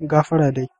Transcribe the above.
gafara dai